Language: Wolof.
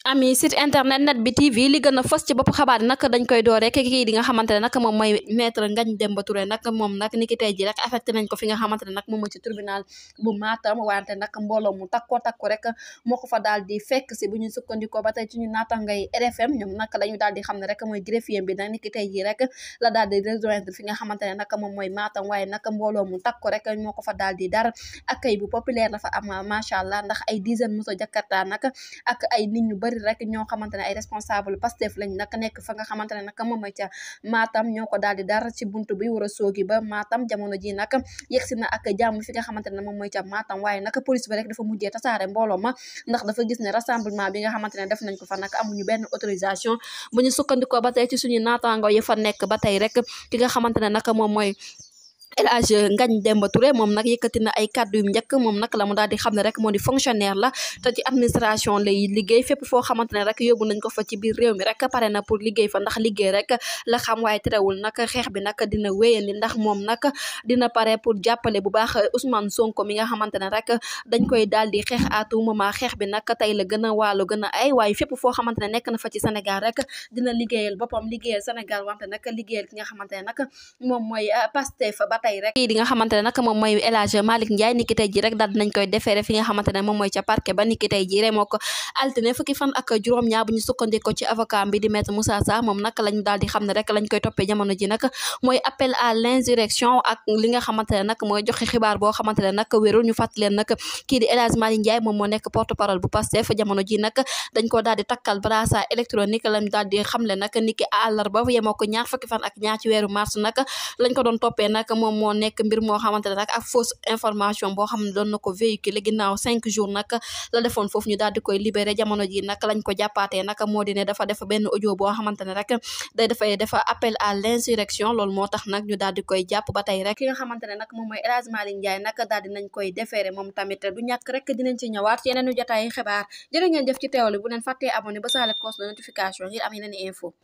ami site internet net bi tv li gën a fës ci xabaat xabaar nag dañ koy door rek kii di nga xamante ne nag moom mooy maître Ngagne Demba Touré nag moom nag ni ki tey ji rek nañ ko fi nga xamante ne nag moom mooy ci tribunal bu Matam wante nag mbooloo mu takko takku rek moo ko fa daal di fekk si bu ñu sukkandikoo ba tey ci ñu naatangay RFM ñoom nag dañu daal di xam ne rek mooy greffier bi nag ni ki tey ji rek la daal di rejoindre fi nga xamante ne nag moom mooy Matam nag mbooloo mu takku rek moo ko fa daal di dar accueil bu populaire la am macha allah ndax ay dizaine moto Jakarta nag ak ay nit ñu bëri bëri rek ñoo xamante ne ay responsable Pastef lañ nag nekk fa nga xamante ne nag moom ca Matam ñoo ko daal di dara ci buntu bi war a soogi ba Matam jamono ji nag yegsi na ak jàmm fi nga xamante ne moom mooy ca Matam waaye nag police bi rek dafa mujjee tasaare mbooloo ma ndax dafa gis ne rassemblement bi nga xamante ne def nañ ko fa nag amuñu benn autorisation bu ñu sukkandikoo ba tey ci suñu naataango yi fa nekk ba tey rek ki nga xamante ne nag moom mooy El Hadj Ngagne Demba Touré moom nag yëkkati moom nag la mu daal di xam ne moo di fonctionnaire la te ci administration foo xamante ne rek yóbbu nañ ko fa ci biir réew mi rek pare na pour liggéey fa ndax liggéey rek la xam waaye terewul nag xeex bi nag dina wéyandi ndax moom nag dina pare pour jàppale bu baax Ousmane Sonko mi nga xamante ne rek dañ koy daal di xeex à tout moment bi nag tey la gën a wàllu gën a ay waaye fépp foo xamante ne nekk na fa ci Sénégal rek dina liggéeyal boppam liggéeyal Sénégal wante nag liggéeyal ki nga xamante ne nag moom mooy Pastef tey rek kii di nga moom mooy El Hadj Malick Ndiaye ni rek daal dinañ koy defeere fi nga xamante moom mooy ca parquet ba ni ki rek mooy appel à l'insurrection ak li weeru mars nag lañ ko doon toppee nag moom moo nekk mbir moo xamante ne nag ak fausse information boo xam ne doon na ko véhiculer ginnaaw cinq jours nag la defoon foofu ñu daal koy libéré jamono ji nag lañ ko jàppaatee nag moo di ne dafa rek dinañ koy defeere moom ci yeneen ñu jotaay xibaar jërë ngeen jëf ci teewlu bu leen fàttee abonné ba saale cloche ngir am yeneen info